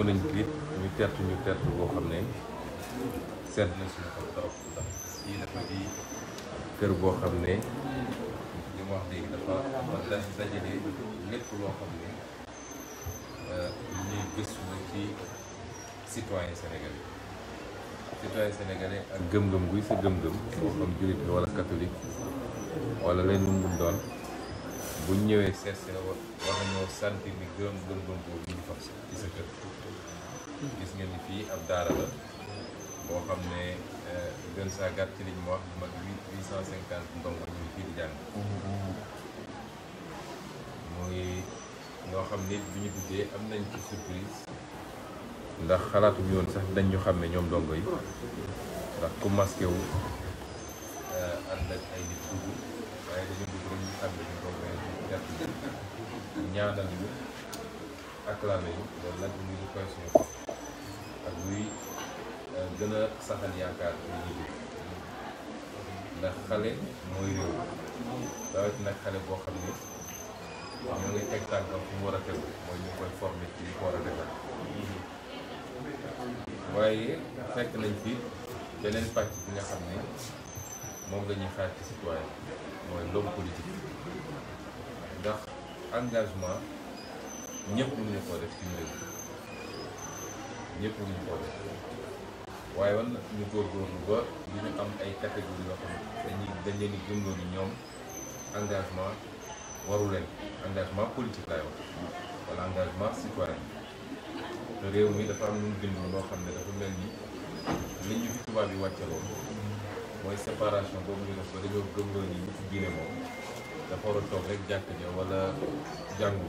ñëw nañ fi ñu tertu ñu tertu boo xam ne seet na suñu ko trop ndax yii boo xam ne li wax léegi loo xam ne euh, ci citoyen sénégalais citoyen sénégalais ak gëm-gëm guy sa gëm-gëm boo xam jullit wala catholique wala lay nu doon bu ñëwee seet si la war nañoo sentir gëm gëm boobu ñu fas ci sa kër gis nga ni fii ab daara la boo xam ne euh, gën saa gàtt ci liñ ma wax mag huit huit cent cinquante ndongo ñu fii jàng muy ñoo xam ne bi ñu duggee am nañ ci surprise ndax xalaatuñu woon sax dañ ñu xam ne ñoom ndongo yi ndax ku masqué wu euh, ànd ay nit dugg waaye dañu dugg ñu xam ne ñu koy suñu muy euh, gën a saxal yaakaar bi ñu xale mooy réew dawet nag xale boo xam ne ñu ngi teg tànkam fu mu war a tegu mooy ñu koy formé ci li ko fekk nañ fi beneen pàcc bi nga xam ne moom la ñuy citoyen mooy l'homme politique ndax engagement ñëpp mënuñu koo def ci réew ñëpp mënuñ ko def waaye war na ñu góorgóorlu ba li ñu am ay catégorie yoo xam dañuy dañ leen di gëmloo ni ñoom engagement waru leen engagement politique wax wala engagement citoyen te réew mi dafa am ñu bind loo xam ne dafa mel ni li ñu fi tubaab yi wàcceloon mooy séparation boobu ñu def ba dañoo gëmloo ni ñu ci diine moom dafa war a toog rek jàkk ja wala jàngu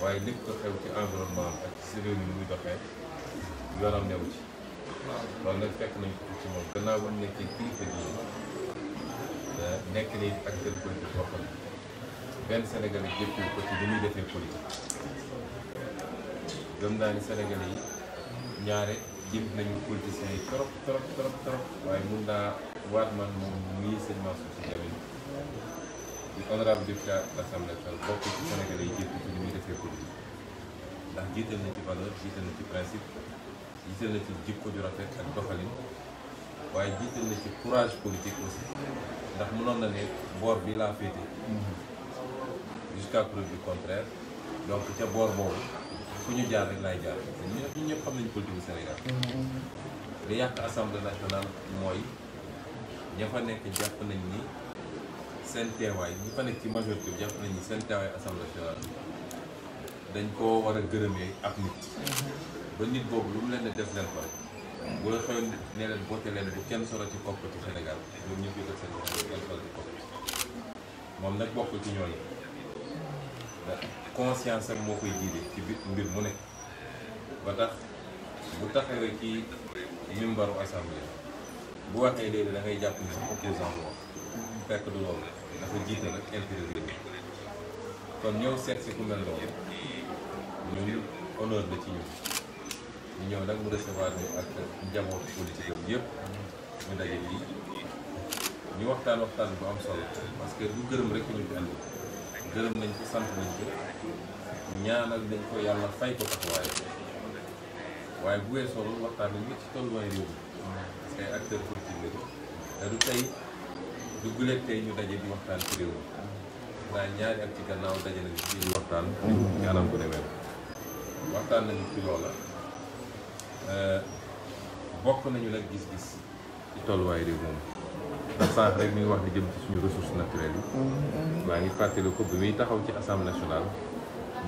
waaye lépp ko xew ci environnement si réew mi muy doxee yoonam newu ci loolu nag fekk nañ ko ci moom gannaaw ba nekkee kilifa gi nekk nii acteur politique boo xam ne benn Sénégalais jëppee ko ci li muy defee politique gëm naa ni Sénégalais yi ñaare jëpp nañu politiciens yi waaye mun naa waat man moom mii seen Mansour Sy Djamil di honorable député à l'Assemblée nationale ci Sénégalais yi jëpp ci li muy defee politique ndax jiital na ci valeur jiital na ci principe jiital na ci jikko ju rafet ak doxalin waaye jiital na ci courage politique aussi ndax mënoon na ne boor bi laa féete mhm. jusqu'à preuve du contraire donc ca boor boobu fu ñu jaar rek laay jaar ñu ñëpp xam nañu politique Sénégal mhm. li yàq assemblée nationale mooy ña fa nekk jàpp nañ ni seen teewaay ñi fa nekk ci majorité bi jàpp nañ ni seen teewaay assemblée nationale dañ koo war a gërëmee ak nit ba nit boobu lu mu leen ne def leen ko rek bu la xëyoon ne leen boote leen bu kenn solo ci koppati Sénégal ñoom ñu jëkkat seen bopp nag bokk ci ñooñu conscience am ci biir mbir mu ne ba tax bu taxawee ci mimbaru assemblée bu waxee léegi da ngay jàpp kon ñëw seet si ku mel noonu ñun honneur la ci ñu ñëw nag mu recevoir ñu ak njabootu politique yëpp ñu daje fii ñu waxtaan waxtaan bu am solo parce que du gërëm rek ñu fi andi nañ ko sant nañ ko ñaanal nañ bu weesoo loolu waxtaan ci réew mi te du tey du guleet tey ñu daje di waxtaan ci réew naa ñaari at ci gannaaw daje nañu ci waxtaan ci anam gu demee waxtaan nañu ci loola euh, bokk nañu nag gis-gis ci tolluwaay réew moom ndax rek mi wax ni jëm ci suñu ressources naturelles yi mm-hmm. maa ngi fàttali ko bi muy taxaw ci assemblée nationale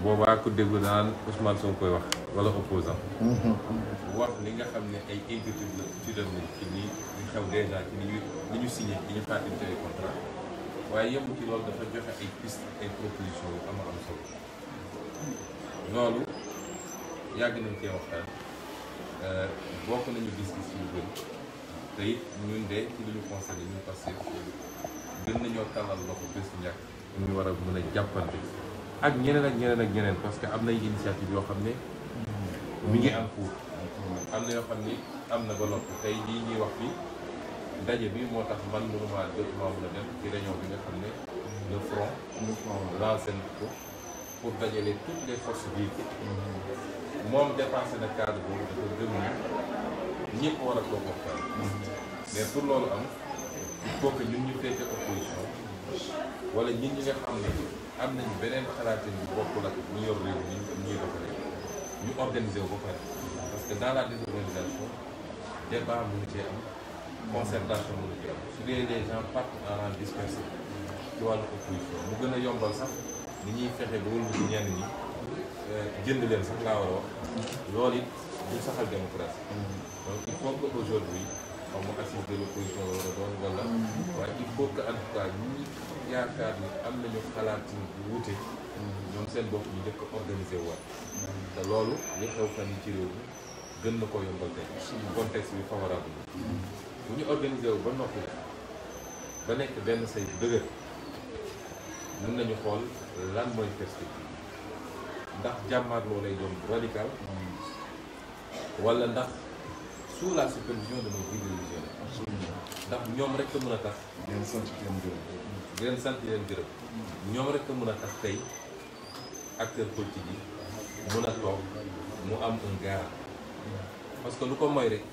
boobaa ku déglu daan Ousmane Sonko koy wax wala opposant mm-hmm. wax li nga xam ne ay inquiétude la ci dem nañ ni ñu xew dèjà ci ni ñu li ñu ñu xaatim contrat waaye yëmb ci loolu dafa joxe ay piste ay proposition yu am am solo loolu yàgg nañ cee waxtaan euh, bokk nañu gis yu bëri te ñun de ci li ñu conseillé ñu passé gën nañoo tàllal loxo bés ñàkk ñu war a mën a jàppante ak ñeneen ak ñeneen ak ñeneen parce que am nay initiative yoo xam ne mi ngi am cours am na yoo xam ni am na ba tey jii ñuy wax fii daje bi moo tax man mënumaa jot maa mun a dem ci réunion bi nga xam ne le front lancé na ko pour dajale toutes les forces vives moom dépassé na cadre boobu dafa gëm ni ñëpp war a toog waxtaan mais pour loolu am il faut que ñun ñu féete opposition wala ñun ñi nga xam ne am nañu beneen xalaatin bu bokkul ak ñu yor réew mi ñuy doxalee ñu organiser wu ba parce que dans la désorganisation débat mënu cee am concertation mën a jëm su dee les gens partent en rang dispersé ci wàllu opposition mu gën a yombal sax ni ñuy fexe ba wëlbati ñenn ñi euh, jënd leen sax laa war a wax loolu it du saxal démocratie donc il faut que aujourd'hui xaw ma assise de l'opposition la war a doon wala waaye il faut que en ñi yaakaar ni am nañu xalaat yu wuute ñoom seen bopp ñu njëkk organisé waat te loolu li xew fan yi ci réew gën na ko yombal tey contexte bi favorable bu ñu organisé wu ba noppi ba nekk benn say dëgër mën nañu xool lan mooy perspective ndax jàmmaarloo lay doon radical wala ndax sous la supervision de nos guides religieux ndax ñoom rek a mën a tax di leen sant di leen gërëm sant leen gërëm ñoom rek a mën a tax tey acteur politique yi mën a toog mu am un garant parce que lu ko mooy rek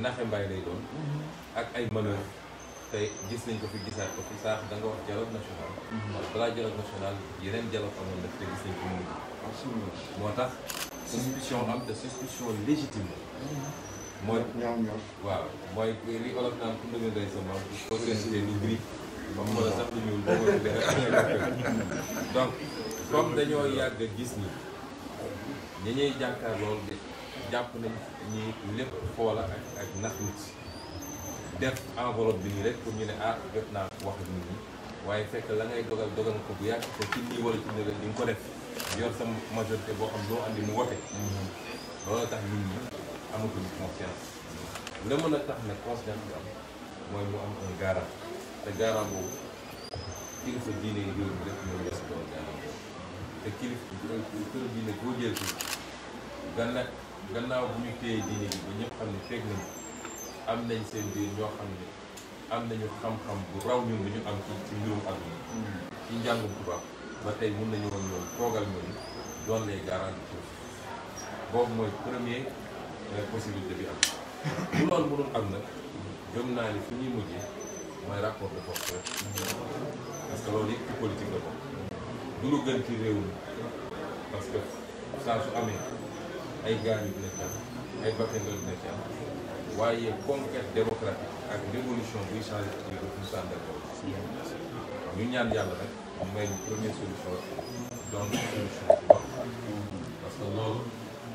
naxe mbay lay doon mm-hmm. ak ay manœuvre tey gis nañ ko fi gisaat ko fi saax da nga wax dialogue national mm-hmm. balaa dialogue national yeneen dialogue amoon na te gis nañ ko moo tax suspicion am te suspicion légitime mm-hmm. mooy ñaaw ñor waaw mooy li olof naan ku ndëgg ngay sa maam autorité du gris moom wala sax lu ñuul boo ko donc comme dañoo yàgg gis ni ñi ñuy jàkkaar loolu de jàpp nañ ni lépp foola ak ak def enveloppe bi nii rek pour ñu ne ah jot naa wax nit ñi waaye fekk la ngay dogal dogal ko bu yàgg te ci nii wala ci nii rek di ko def yor sa mu wote loolu la mën a tax ne confiance bi am mooy mu am un garant te garant boobu kilifa diine yi réew mi rek ñoo boobu te gannaaw bu ñu téye diine bi ba ñëpp xam ne fekk nañu am nañ seen biir ñoo xam ne am nañu xam-xam bu raw ñun bu ñu am ci ci mbirum àdduna mm. ci njàngum tubaab ba tey mun nañu ñoom toogal ñoom doon les garants du tout boobu mooy premier euh, possibilité bi am bu loolu mënul am nag gëm naa ni fu ñuy mujjee mooy rapport de force rek parce que loolu yëpp ci politique la bokk du lu gën ci réew mi parce que saa su amee ay gaañu dina ci am ay bakkandoor dina ci am waaye conquête démocratique ak révolution buy changé ci daf ñu sàndal ñu ñaan yàlla nag mu may solution donc solution parce que loolu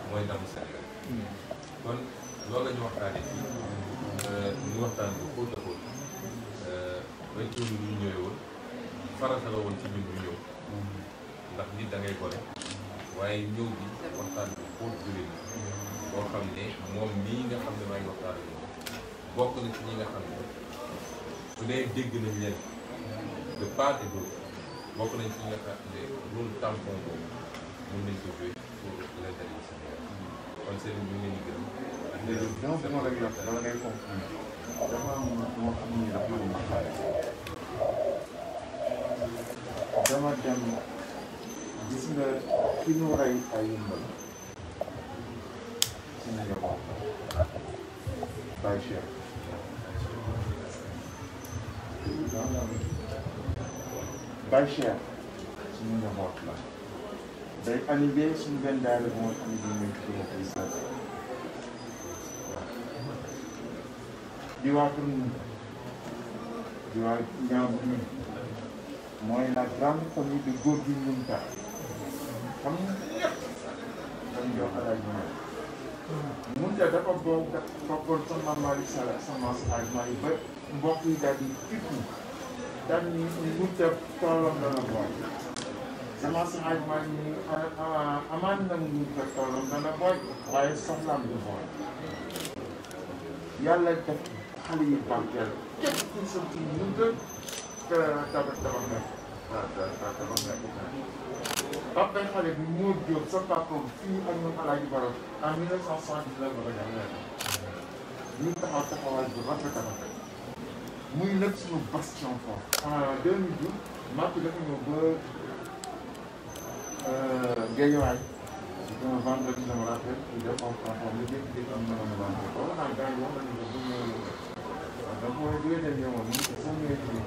mooy ndamu Sénégal kon loolu ñu waxtaanee fii euh, ñu waxtaan bu xóot a xóot bañ toll ñu ñëwee woon farata la woon ci ñun ndax nit da ngay waaye ñëw bi waxtaan bi pour jullit boo xam ne moom mii nga xam ne may waxtaan ak moom bokk na ci ñi nga xam ne su dee dégg nañ leen de part et d'autre bokk nañ ci ñi nga xam ne rôle tampon boobu mën nañ ko jouer pour l'intérêt du Sénégal kon seen ñu ngi leen di gërëm. jërëjëf dama bëgg ma la ñu wax dama lay comprendre dafa am loo xam ne dafa am dama dem gis nga ki ñu rey ay yëmbal Baye Cheikh suñu njaboot la day animé suñu benn daara bu mooy animé muy kii di waa pour di waa ñaaw bi ñun mooy la grande famille de góor gi ñun tax xam nga ñëpp dañu jox alaaj mu mun ta dafa bokk ak sama ba mbokk yi daal di danni ɗum gurtab tolondana boy sama sahay manni aman nan gurtab tolondana boy waye sohlam du boy yàlla def xale yi barkeel képp kuñ sa ci munta tabax tabax nekk tabax nekk papay xale bi moo jóob sa papam fii ak ñoom alaaji barab en 1979 la ko jàngee ñu taxaw taxawaay bu rafet tabax muy nag suñu bastion foofu en 2012 Macky dafa ñëw ba euh, Guédiawaye dama vendredi dama rappel ñu def en transport ñu jékki jékki am mënoon vendredi loolu ko soo ñëwee fii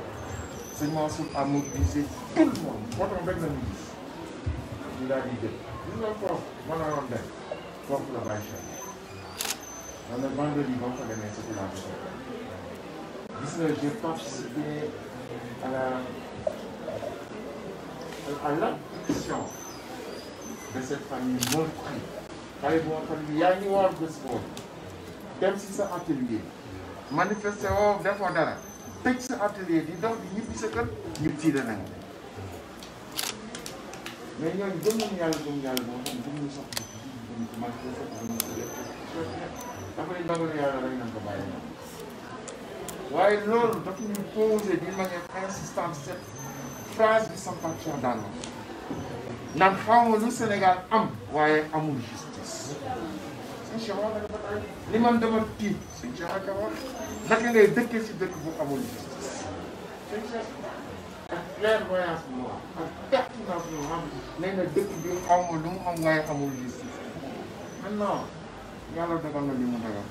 sëñ Mansour a mobilisé tout le monde bootam rek la ñu gis ñu daal di jël ñu la foofu mën a doon dem foofu la bàyyi cher man nag vendredi ba mu fa gis nga j'ai participé à la à l'action de cette famille meurtrie. xale boo xam ne yaa ngi war bés boobu dem si sa atelier manifester woo defoo dara tëj sa atelier di dox di ñibbi sa kër ñu tiire nañ mais ñooñu gëmuñu yàlla gëmuñu yàlla boo xam ne gëmuñu sax gëmuñu ko manifester gëmuñu ko def dafa ne ndogalu yàlla rek nañ ko bàyyi waaye loolu dafa ñu posé d'une manière insistante cette phrase bi sama papa Cheikh daan naan xaw ma lu Sénégal am waaye amul justice suñ Cheikh wax li man dama tiit suñ Cheikh ak wax si dëkk bu amul justice suñ Cheikh ak clairvoyance bi nee na dëkk bi xaw ma am waaye amul justice maintenant yàlla dogal na li mu dogal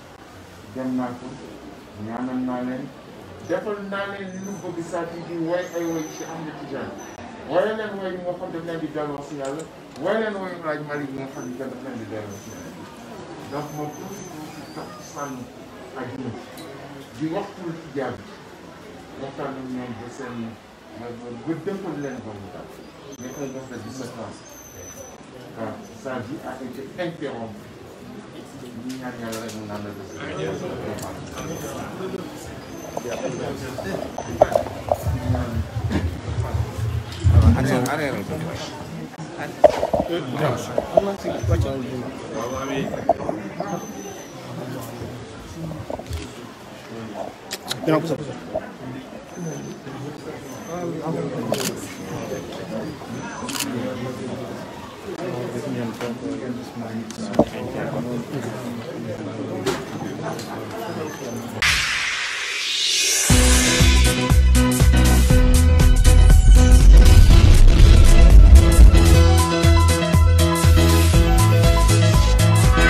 dem naa ko ñaanal naa leen defal naa leen li ñu bëgg saa di di way ay way ci am na Tijaan waaye leen way moo xam daf leen di delloo yàlla waaye leen way laaj Malick bi nga xam ne daf leen di delloo yàlla donc moom toujours si topp sànni ak ñun di waxtul Tijaan waxtaan ak ñoom ba seen ba dëppal leen ba mu tax. mais un gars de 17 ans waaw sa vie a été interrompue ñu ñaan yàlla rek mu naan la. Thank you.